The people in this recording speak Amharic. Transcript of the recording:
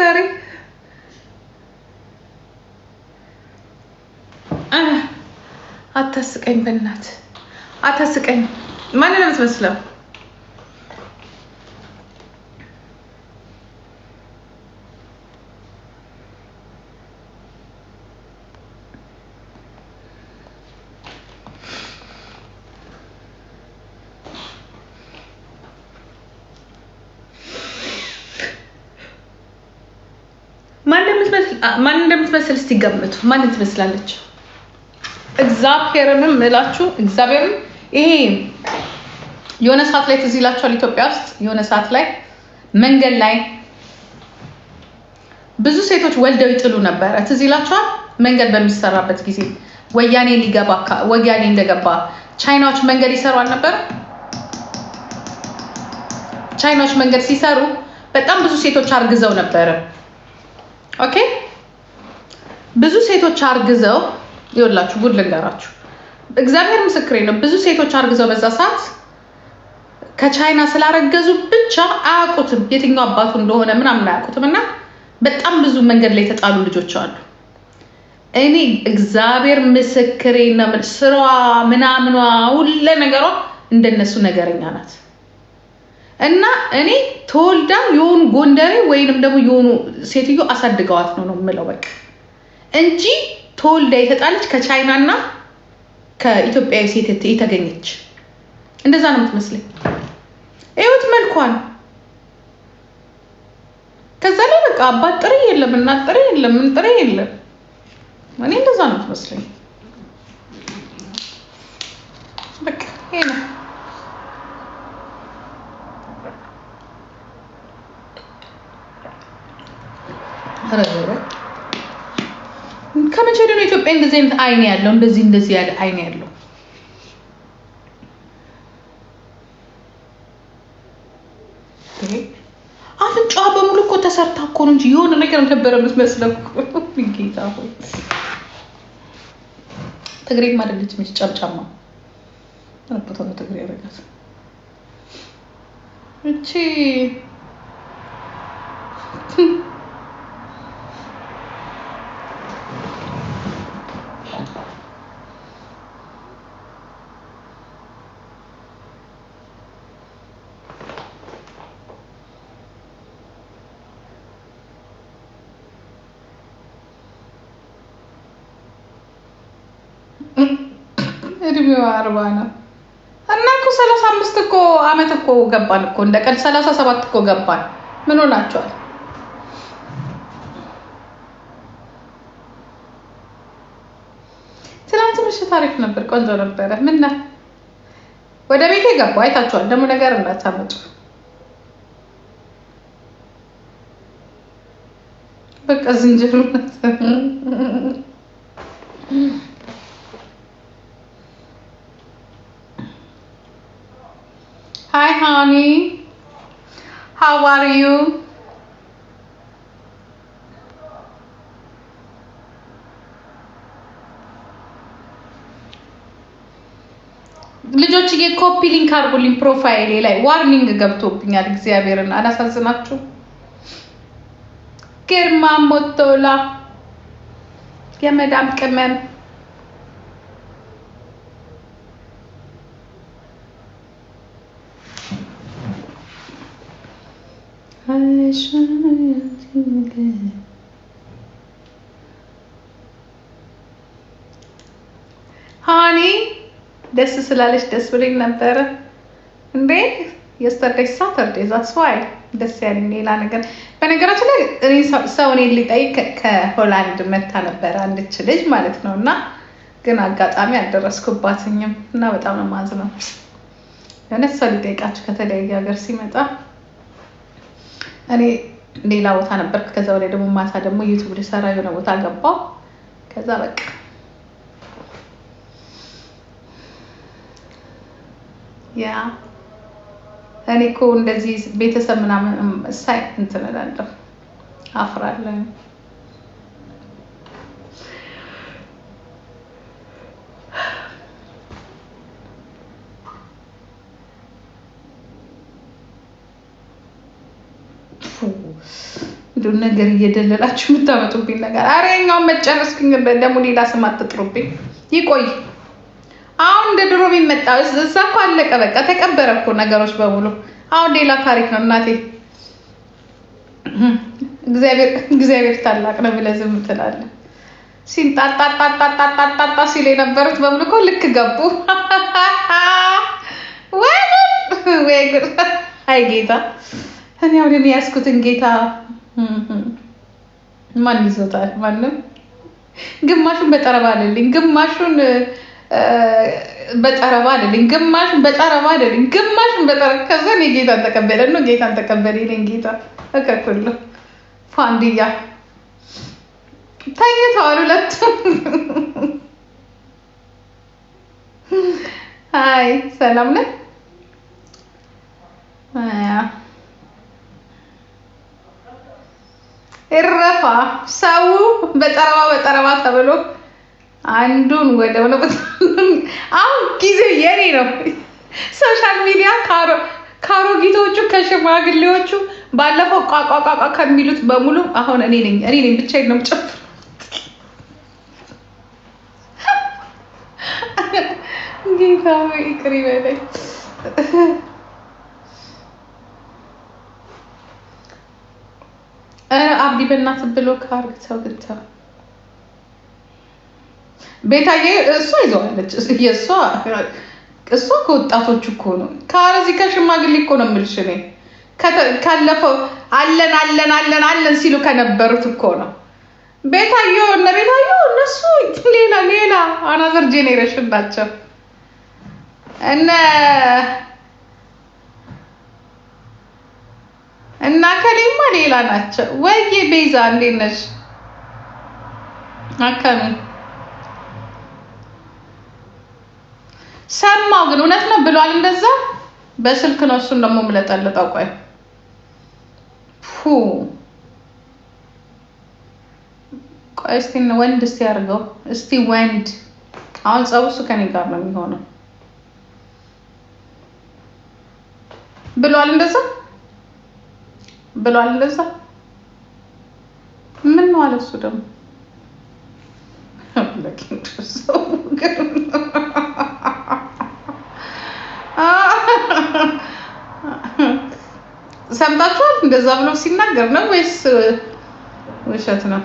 സാറേ አታስቀኝ፣ በእናትህ አታስቀኝ። ማንን ነው የምትመስለው? ማን እንደምትመስል እስቲ ገምቱ። ማንን ትመስላለች? እግዚአብሔርንም እላችሁ እግዚአብሔርን ይሄ የሆነ ሰዓት ላይ ትዝ ይላችኋል። ኢትዮጵያ ውስጥ የሆነ ሰዓት ላይ መንገድ ላይ ብዙ ሴቶች ወልደው ይጥሉ ነበረ። ትዝ ይላችኋል። መንገድ በሚሰራበት ጊዜ ወያኔ ሊገባ ወያኔ እንደገባ ቻይናዎች መንገድ ይሰሩ አልነበር? ቻይናዎች መንገድ ሲሰሩ በጣም ብዙ ሴቶች አርግዘው ነበረ። ኦኬ ብዙ ሴቶች አርግዘው ይወላችሁ ጉድ ልንገራችሁ፣ እግዚአብሔር ምስክሬ ነው። ብዙ ሴቶች አርግዘው በዛ ሰዓት ከቻይና ስላረገዙ ብቻ አያውቁትም፣ የትኛው አባቱ እንደሆነ ምናምን አያውቁትም። እና በጣም ብዙ መንገድ ላይ የተጣሉ ልጆች አሉ። እኔ እግዚአብሔር ምስክሬ ነው። ስሯ ምናምኗ ሁለ ነገሯ እንደነሱ ነገረኛ ናት። እና እኔ ተወልዳ የሆኑ ጎንደሬ ወይንም ደግሞ የሆኑ ሴትዮ አሳድገዋት ነው ነው የምለው በቃ እንጂ ተወልዳ የተጣለች ከቻይና እና ከኢትዮጵያዊ ሴት የተገኘች እንደዛ ነው የምትመስለኝ። እዩት መልኳን። ከዛ ላይ በቃ አባት ጥሬ የለም እናት ጥሬ የለም ምን ጥሬ የለም። እኔ እንደዛ ነው የምትመስለኝ። በቃ ኢትዮጵያ እንደዚህ አይነት አይን ያለው እንደዚህ እንደዚህ ያለ አይን ያለው አፍንጫዋ በሙሉ እኮ ተሰርታ እኮ ነው እንጂ የሆነ ነገር ነበረ የምትመስለው። ጌታ ሆይ ትግሬ ማደለች መች ጫምጫማ ረቦታ ነው ትግሬ ያደረጋት እቺ እድሜዋ አርባ ነው እና እኮ ሰላሳ አምስት እኮ አመት እኮ ገባን እኮ እንደ ቀን ሰላሳ ሰባት እኮ ገባን። ምን ሆናቸዋል? ትናንት ምሽት አሪፍ ነበር፣ ቆንጆ ነበረ። ምን ወደ ቤቴ ገቡ አይታችኋል ደግሞ ነገር እንዳታመጡ በቃ ዝንጀሮ Hi, honey. How are you? ልጆችዬ ኮፒ ሊንክ አድርጉልኝ ፕሮፋይሌ ላይ ዋርኒንግ ገብቶብኛል። እግዚአብሔርን አላሳዝናችሁ። ግርማ ሞቶላ የመዳም ቅመም I ደስ ስላለች ደስ ብሎኝ ነበረ እንዴ የስተርዴይ ሳተርዴ ዛትስ ዋይ ደስ ያለኝ ሌላ ነገር በነገራችን ላይ እኔ ሰው እኔን ሊጠይቅ ከሆላንድ መታ ነበረ አንድች ልጅ ማለት ነው እና ግን አጋጣሚ አልደረስኩባትኝም እና በጣም ነው የማዝነው የሆነ ሰው ሊጠይቃችሁ ከተለያየ ሀገር ሲመጣ እኔ ሌላ ቦታ ነበርክ። ከዛ በላይ ደግሞ ማታ ደግሞ ዩቱብ ልሰራ የሆነ ቦታ ገባው። ከዛ በቃ ያ እኔ እኮ እንደዚህ ቤተሰብ ምናምን ሳይ እንትን እላለሁ፣ አፍራለሁ። ነገር እየደለላችሁ የምታመጡብኝ ነገር አረ መጨረስ መጨረስኩኝ። ደግሞ ሌላ ስም አትጥሩብኝ። ይቆይ አሁን እንደ ድሮ የሚመጣ እዛ እኮ አለቀ፣ በቃ ተቀበረ እኮ ነገሮች በሙሉ። አሁን ሌላ ታሪክ ነው እናቴ። እግዚአብሔር ታላቅ ነው ብለህ ዝም ትላለህ። ሲንጣጣጣጣጣጣጣ ሲል የነበሩት በሙሉ እኮ ልክ ገቡ። ወይ ጉድ! አይ ጌታ እኔ አሁን የያዝኩትን ጌታ ማን ይዞታል? ማንም። ግማሹን በጠረባ አለልኝ፣ ግማሹን በጠረባ አለልኝ፣ ግማሹን በጠረባ አለልኝ፣ ግማሹን በጠረ ከዛ እኔ ጌታን ተቀበለ ነው ጌታን ተቀበለ ይለኝ ጌታ እከክሉ ፋንድያ ተኝተዋል ሁለቱም። አይ ሰላም ነን። እረፋ ሰው በጠረባ በጠረባ ተብሎ አንዱን ወደ ሁለት አሁን ጊዜ የኔ ነው። ሶሻል ሚዲያ ከአሮጊቶቹ ከሽማግሌዎቹ ባለፈው ቋቋቋቋ ከሚሉት በሙሉ አሁን እኔ ነኝ እኔ ነኝ ብቻዬን ነው የምጨፍሩት። ጌታ ይቅር ይበለኝ። አብዲ በእናት ብሎ ካርግ ሰው ግንተው ቤታዬ እሷ ይዘዋለች። የእሷ እሷ ከወጣቶች እኮ ነው ከአረዚ ከሽማግሌ እኮ ነው የምልሽ እኔ ካለፈው አለን አለን አለን አለን ሲሉ ከነበሩት እኮ ነው ቤታዬ እነ ቤታዬ እነሱ ሌላ ሌላ አናዘር ጄኔሬሽን ናቸው እነ እና ከሌማ ሌላ ናቸው። ወይዬ ቤዛ እንዴት ነሽ? ሰማው ግን እውነት ነው ብሏል። እንደዛ በስልክ ነው እሱን ደግሞ ምለጠልጠው። ቆይ ቆይ እስቲ ወንድ እስቲ አድርገው እስቲ ወንድ። አሁን ጸቡ እሱ ከኔ ጋር ነው የሚሆነው ብሏል እንደዛ ብሏል። ለዛ ምን ነው አለ እሱ ደግሞ ሰምታችኋል። እንደዛ ብሎ ሲናገር ነው ወይስ ውሸት ነው?